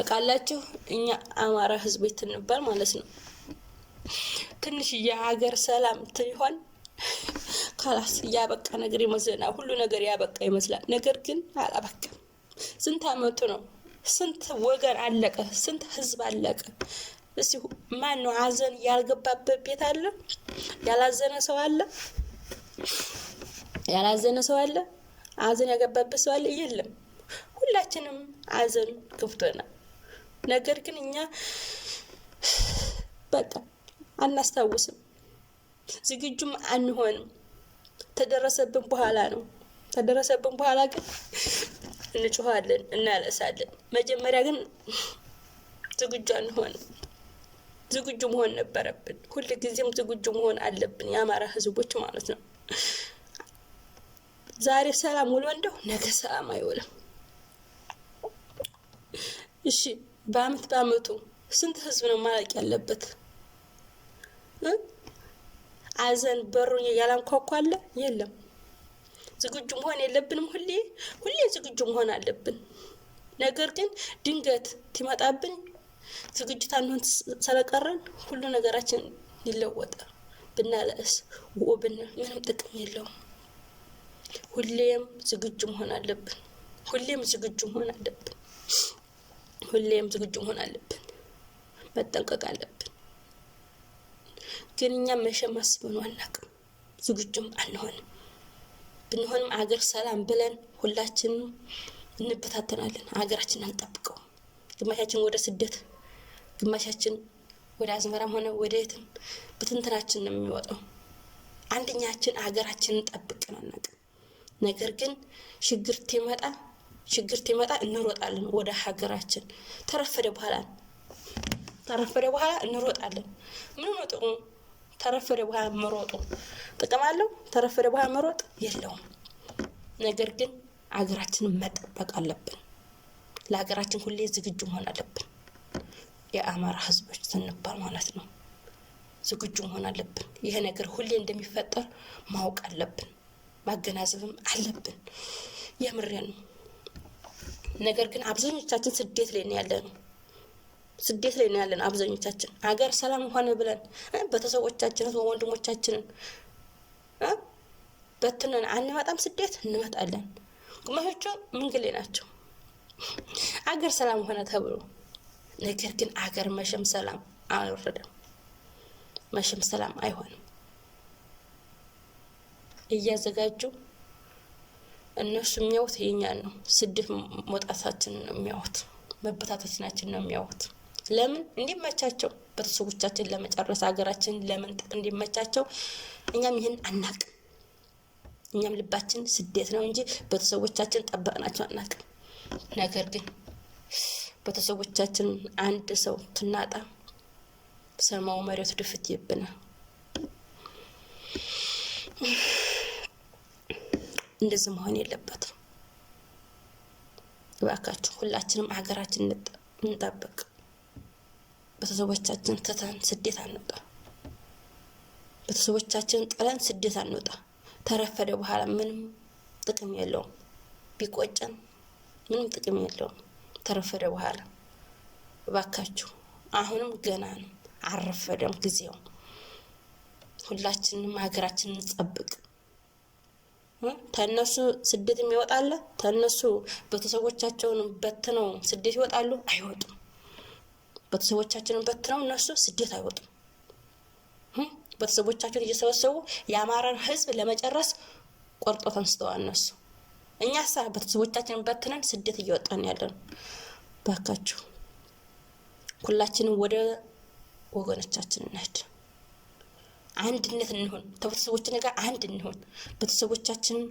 ታውቃላችሁ፣ እኛ አማራ ህዝብ ትንበር ማለት ነው። ትንሽ የሀገር ሰላም ትሆን ካላስ ያበቃ ነገር ይመስለናል። ሁሉ ነገር ያበቃ ይመስላል። ነገር ግን አላበቃም። ስንት አመቱ ነው? ስንት ወገን አለቀ? ስንት ህዝብ አለቀ? እስ ማን ነው አዘን ያልገባበት ቤት አለ? ያላዘነ ሰው አለ? ያላዘነ ሰው አለ? አዘን ያገባበት ሰው አለ? የለም። ሁላችንም አዘን ክፍቶናል። ነገር ግን እኛ በቃ አናስታውስም፣ ዝግጁም አንሆንም። ተደረሰብን በኋላ ነው። ተደረሰብን በኋላ ግን እንጮኋለን፣ እናለሳለን መጀመሪያ ግን ዝግጁ አንሆንም። ዝግጁ መሆን ነበረብን። ጊዜም ዝግጁ መሆን አለብን፣ የአማራ ህዝቦች ማለት ነው። ዛሬ ሰላም ውሎ እንደው ነገ ሰላም አይውልም። እሺ በአመት በአመቱ ስንት ህዝብ ነው ማለቅ ያለበት? አዘን በሩን ያላንኳኳለ የለም። ዝግጁ መሆን የለብንም። ሁሌ ሁሌ ዝግጁ መሆን አለብን። ነገር ግን ድንገት ትመጣብን ዝግጅት አንሆን ስለቀረን ሁሉ ነገራችን ይለወጠ ብናለእስ ውብን ምንም ጥቅም የለውም። ሁሌም ዝግጁ መሆን አለብን። ሁሌም ዝግጁ መሆን አለብን። ሁሌም ዝግጁ መሆን አለብን፣ መጠንቀቅ አለብን። ግን እኛ መቼ ማስበን አናውቅም፣ ዝግጁም አንሆንም። ብንሆንም አገር ሰላም ብለን ሁላችንም እንበታተናለን። ሀገራችን አንጠብቀው። ግማሻችን ወደ ስደት፣ ግማሻችን ወደ አዝመራም ሆነ ወደ የትም ብትንትናችን ነው የሚወጣው። አንደኛችን አገራችንን ጠብቀን አናውቅም። ነገር ግን ሽግርት ይመጣ ችግር ሲመጣ እንሮጣለን ወደ ሀገራችን። ተረፈደ በኋላ ተረፈደ በኋላ እንሮጣለን። ምን ነው ጥቅሙ? ተረፈደ በኋላ መሮጡ ጥቅም አለው? ተረፈደ በኋላ መሮጥ የለውም። ነገር ግን ሀገራችንን መጠበቅ አለብን። ለሀገራችን ሁሌ ዝግጁ መሆን አለብን። የአማራ ህዝቦች ስንባል ማለት ነው ዝግጁ መሆን አለብን። ይሄ ነገር ሁሌ እንደሚፈጠር ማወቅ አለብን፣ ማገናዘብም አለብን። የምሬ ነው። ነገር ግን አብዛኞቻችን ስደት ላይ ነው ያለ ነው ስደት ላይ ነው ያለን አብዛኞቻችን። አገር ሰላም ሆነ ብለን ቤተሰቦቻችንን ወንድሞቻችንን በትነን አንመጣም፣ ስደት እንመጣለን። ግማሾቹ ምንግሌ ናቸው አገር ሰላም ሆነ ተብሎ ነገር ግን አገር መሸም ሰላም አልወረደም፣ መሸም ሰላም አይሆንም እያዘጋጁ እነሱ የሚያዩት የኛን ነው። ስደት መውጣታችን ነው የሚያዩት፣ መበታተናችን ነው የሚያዩት። ለምን እንዲመቻቸው ቤተሰቦቻችን ለመጨረስ ሀገራችን ለመንጠቅ እንዲመቻቸው። እኛም ይህን አናቅ። እኛም ልባችን ስደት ነው እንጂ ቤተሰቦቻችን ጠበቅናቸው አናቅ። ነገር ግን ቤተሰቦቻችን አንድ ሰው ትናጣ ሰማው መሬት ድፍት ይብናል። እንደዚህ መሆን የለበትም። እባካችሁ ሁላችንም ሀገራችን እንጠብቅ። ቤተሰቦቻችን ትተን ስደት አንወጣ። ቤተሰቦቻችን ጥለን ስደት አንወጣ። ተረፈደ በኋላ ምንም ጥቅም የለውም። ቢቆጨን ምንም ጥቅም የለውም። ተረፈደ በኋላ እባካችሁ፣ አሁንም ገና ነው፣ አልረፈደም ጊዜው። ሁላችንም ሀገራችንን እንጠብቅ። ተነሱ ስደት የሚወጣለ ተነሱ ቤተሰቦቻቸውን በትነው ስደት ይወጣሉ። አይወጡም። ቤተሰቦቻቸውን በትነው እነሱ ስደት አይወጡም። ቤተሰቦቻቸውን እየሰበሰቡ የአማራን ህዝብ ለመጨረስ ቆርጦ ተንስተዋል እነሱ። እኛ ሳ ቤተሰቦቻችንን በትነን ስደት እየወጣን ያለን ባካችሁ፣ ሁላችንም ወደ ወገኖቻችን እንሂድ። አንድነት እንሆን፣ ከቤተሰቦችን ጋር አንድ እንሆን። ቤተሰቦቻችንም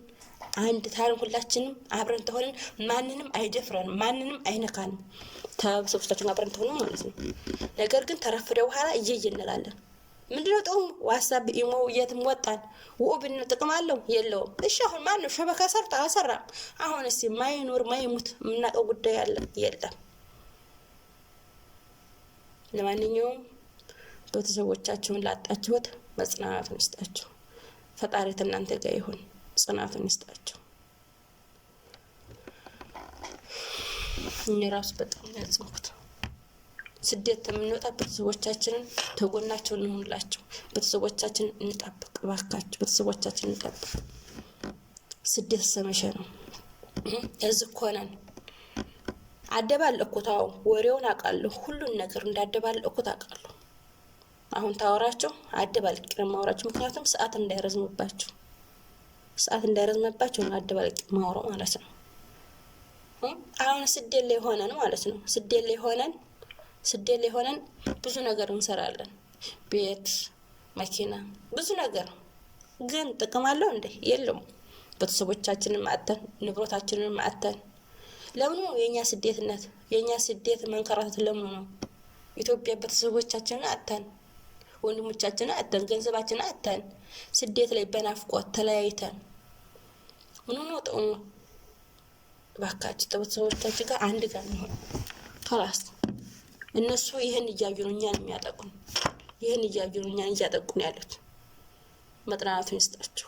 አንድ ታርን ሁላችንም አብረን ተሆንን ማንንም አይደፍረንም፣ ማንንም አይነካንም። ከቤተሰቦቻችን አብረን ተሆኑ ማለት ነው። ነገር ግን ተረፍደ በኋላ እየየ እንላለን። ምንድነው ጥቅሙ? ዋሳብ ኢሞ የትም ወጣን ውብን ጥቅም አለው የለውም? እሺ አሁን ማን ነው ሸበካ ሰርታ አሰራም? አሁን እስኪ ማይኖር ማይሙት የምናውቀው ጉዳይ አለ የለም? ለማንኛውም ቤተሰቦቻችሁን ላጣችሁት መጽናናቱን ይስጣቸው። ፈጣሪ ከእናንተ ጋር ይሁን፣ ጽናቱን ይስጣቸው። እኔ ራሱ በጣም ነው ስደት የምንወጣ ቤተሰቦቻችንን ተጎናቸው እንሆንላቸው። ቤተሰቦቻችን እንጠብቅ፣ እባካችሁ ቤተሰቦቻችን እንጠብቅ። ስደት ሰመሸ ነው። እዚህ ኮነን አደባለኩት። አዎ ወሬውን አውቃለሁ፣ ሁሉን ነገር እንዳደባለኩት አውቃለሁ። አሁን ታወራቸው አደባልቄ ነው የማወራቸው። ምክንያቱም ሰዓት እንዳይረዝምባቸው ሰዓት እንዳይረዝምባቸው ነው አደባልቄ የማወራው ማለት ነው። አሁን ስደት ላይ ሆነን ማለት ነው። ስደት ላይ ሆነን ስደት ላይ ሆነን ብዙ ነገር እንሰራለን። ቤት፣ መኪና፣ ብዙ ነገር ግን ጥቅም አለው እንዴ የለም ቤተሰቦቻችንን ማዕተን ንብረታችንን ማዕተን ለምኑ የእኛ ስደትነት የእኛ ስደት መንከራተት ለምኑ ነው ኢትዮጵያ ቤተሰቦቻችንን አጥተን ወንድሞቻችን አተን ገንዘባችን አተን ስደት ላይ በናፍቆት ተለያይተን ምኑ ነው ጥቅሙ? እባካችን ቤተሰቦቻችን ጋር አንድ ጋር ነው ከላስ እነሱ ይህን እያዩ ነው እኛን የሚያጠቁን፣ ይህን እያዩ ነው እኛን እያጠቁን ያሉት። መጥናቱን ይስጣችሁ።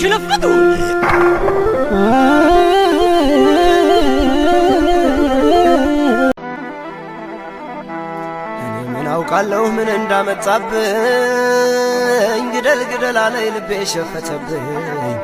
ሲሽለፍቱ አውቃለሁ ምን እንዳመጣብኝ ግደል ግደል አለኝ ልቤ ሸፈተብኝ